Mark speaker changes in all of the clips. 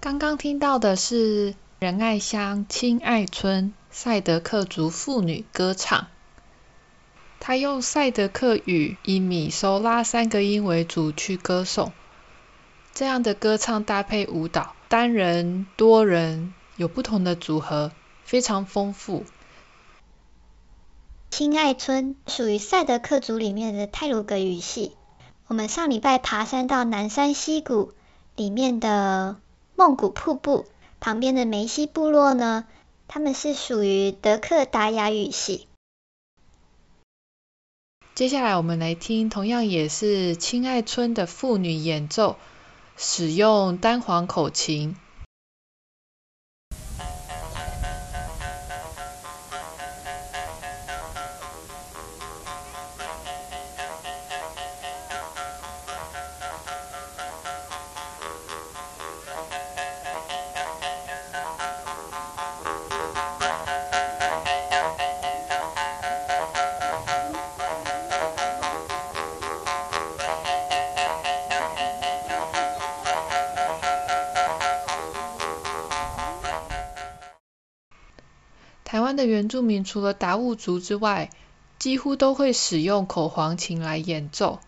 Speaker 1: 剛剛聽到的是仁愛鄉親愛村賽德克族婦女歌唱。她用賽德克語，以米、嗦、拉三個音為主去歌頌。這樣的歌唱搭配舞蹈，單人、多人，有不同的組合，非常豐富。親愛村屬於賽德克族裡面的泰魯格語系。我們上禮拜爬山到南山溪谷裡面的夢谷瀑布旁邊的梅西部落呢，他們是屬於德克達雅語系。接下來我們來聽同樣也是親愛村的婦女演奏，使用單簧口琴。台灣的原住民除了達悟族之外，幾乎都會使用口簧琴來演奏，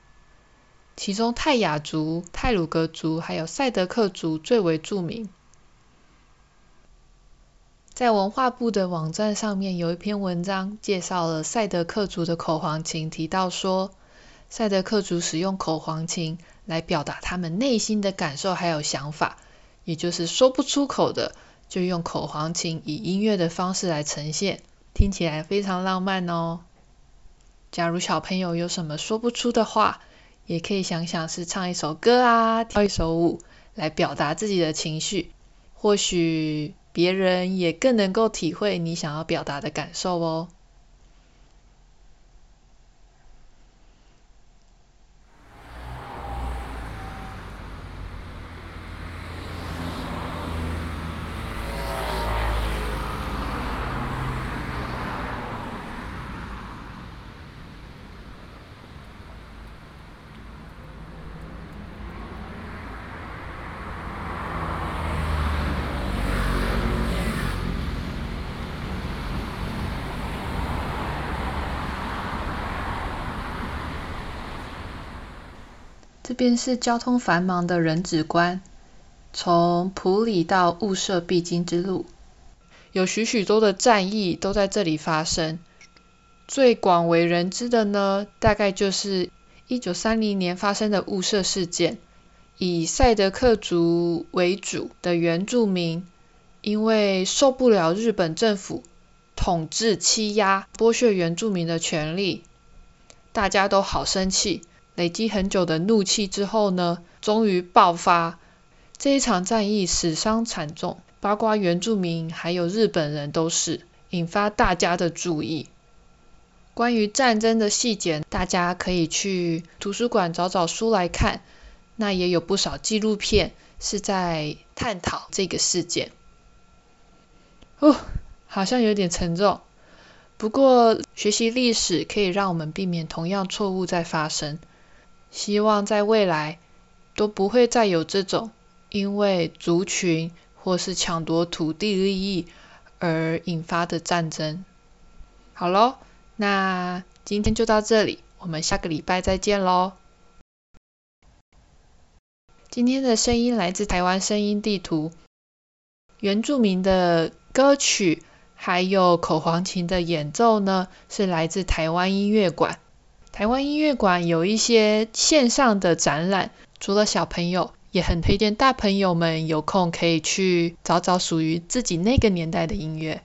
Speaker 1: 其中泰雅族、太魯閣族還有賽德克族最為著名。在文化部的網站上面有一篇文章介紹了賽德克族的口簧琴，提到說賽德克族使用口簧琴來表達他們內心的感受還有想法，也就是說不出口的。就用口簧琴以音樂的方式來呈現，聽起來非常浪漫哦。假如小朋友有什麼說不出的話，也可以想想是唱一首歌啊，跳一首舞，來表達自己的情緒。或許別人也更能夠體會你想要表達的感受哦。這邊是交通繁忙的人止關，從埔里到霧社必經之路，有許許多的戰役都在這裡發生。最廣為人知的呢，大概就是一九三零年發生的霧社事件。以賽德克族為主的原住民，因為受不了日本政府統治欺壓、剝削原住民的權利，大家都好生氣。累積很久的怒氣之後呢，終於爆發。這一場戰役死傷慘重，包括原住民還有日本人都是引發大家的注意。關於戰爭的細節，大家可以去圖書館找找書來看。那也有不少紀錄片是在探討這個事件。哦，好像有點沉重。不過學習歷史可以讓我們避免同樣錯誤再發生。希望在未來都不會再有這種因為族群或是搶奪土地利益而引發的戰爭。好嘍，那今天就到這裡，我們下個禮拜再見嘍。今天的聲音來自台灣聲音地圖，原住民的歌曲還有口簧琴的演奏呢，是來自台灣音樂館。台灣音樂館有一些線上的展覽，除了小朋友，也很推薦大朋友們有空可以去找找屬於自己那個年代的音樂。